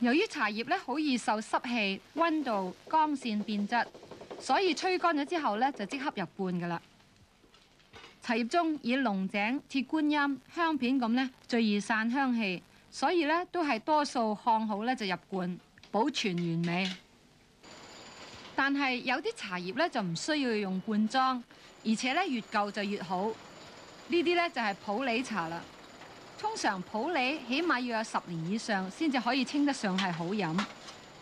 由於茶葉咧好易受濕氣、溫度、光線變質，所以吹乾咗之後咧就即刻入罐㗎喇。茶葉中以龍井、鐵觀音、香片咁咧最易散香氣，所以咧都係多數烘好咧就入罐保存完美。但係有啲茶葉咧就唔需要用罐裝，而且咧越舊就越好。呢啲咧就係普洱茶喇。通常普洱起碼要有十年以上先至可以稱得上係好飲，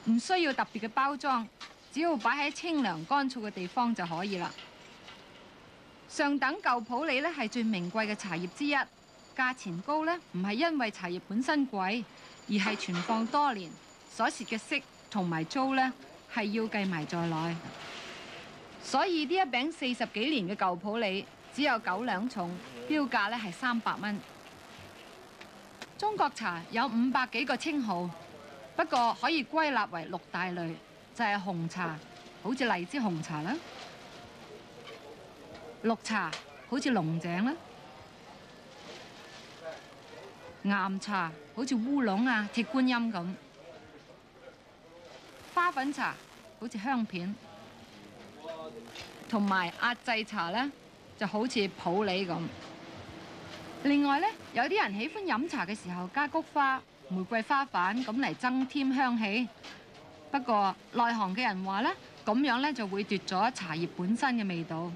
唔需要特別嘅包裝，只要擺喺清涼乾燥嘅地方就可以啦。上等舊普洱呢係最名貴嘅茶葉之一，價錢高呢唔係因為茶葉本身貴，而係存放多年所蝕嘅息同埋租呢係要計埋在內，所以呢一餅四十幾年嘅舊普洱只有九兩重，標價呢係三百蚊。中國茶有五百幾個稱號，不過可以歸納為六大類，就係紅茶，好似荔枝紅茶啦；綠茶，好似龍井啦；岩茶，好似烏龍啊、鐵觀音咁；花粉茶，好似香片；同埋壓製茶咧，就好似普洱咁。另外咧，有啲人喜歡飲茶嘅時候加菊花、玫瑰花瓣咁嚟增添香氣。不過內行嘅人話咧，咁樣咧就會奪咗茶葉本身嘅味道。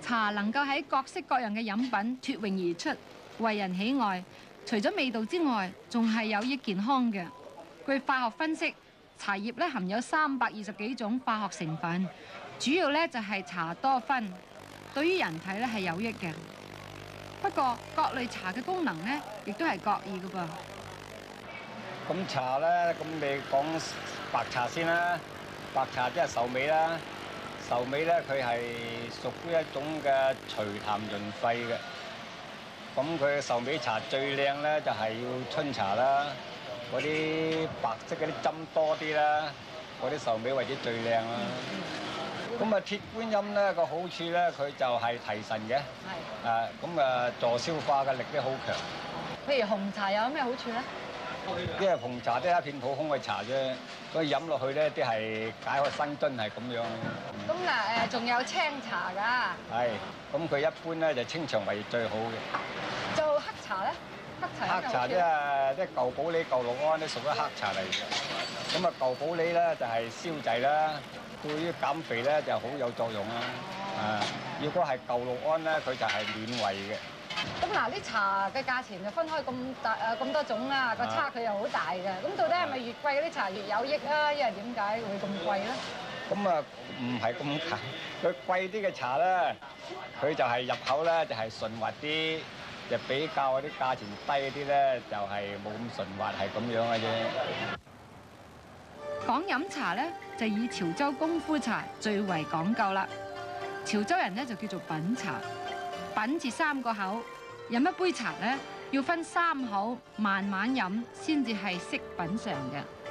茶能夠喺各式各樣嘅飲品脫穎而出，為人喜愛。除咗味道之外，仲係有益健康嘅。據化學分析，茶葉咧含有三百二十幾種化學成分，主要咧就係茶多酚。對於人體咧係有益嘅，不過各類茶嘅功能咧亦都係各異嘅噃。咁茶咧，咁你講白茶先啦，白茶即係壽眉啦，壽眉咧佢係屬於一種嘅除痰潤肺嘅。咁佢壽眉茶最靚咧，就係、是、要春茶啦，嗰啲白色嗰啲針多啲啦，嗰啲壽眉為之最靚啦。嗯咁啊，鐵觀音咧個好處咧，佢就係提神嘅，誒咁啊助消化嘅力都好強。譬如紅茶有咩好處咧？因為紅茶都係一片普通嘅茶啫，所以飲落去咧都係解渴生津係咁樣。咁嗱誒，仲有青茶㗎？係，咁佢一般咧就清腸胃最好嘅。做黑茶咧，黑茶。黑茶即係啲舊普洱、舊六安都屬於黑茶嚟嘅。咁啊舊普洱咧就係消滯啦。對於減肥咧就好有作用啊！啊，如果係舊六安咧，佢就係暖胃嘅。咁嗱，啲茶嘅價錢就分開咁大啊，咁多種啊，個差距又好大㗎。咁到底係咪越貴嗰啲茶越有益啊？因為點解會咁貴咧？咁啊，唔係咁㗎。佢貴啲嘅茶咧，佢就係入口咧就係順滑啲，就比較嗰啲價錢低啲咧，就係冇咁順滑，係咁樣嘅啫。講飲茶咧，就以潮州功夫茶最為講究啦。潮州人咧就叫做品茶，品字三個口，飲一杯茶咧要分三口慢慢飲，先至係識品嘗嘅。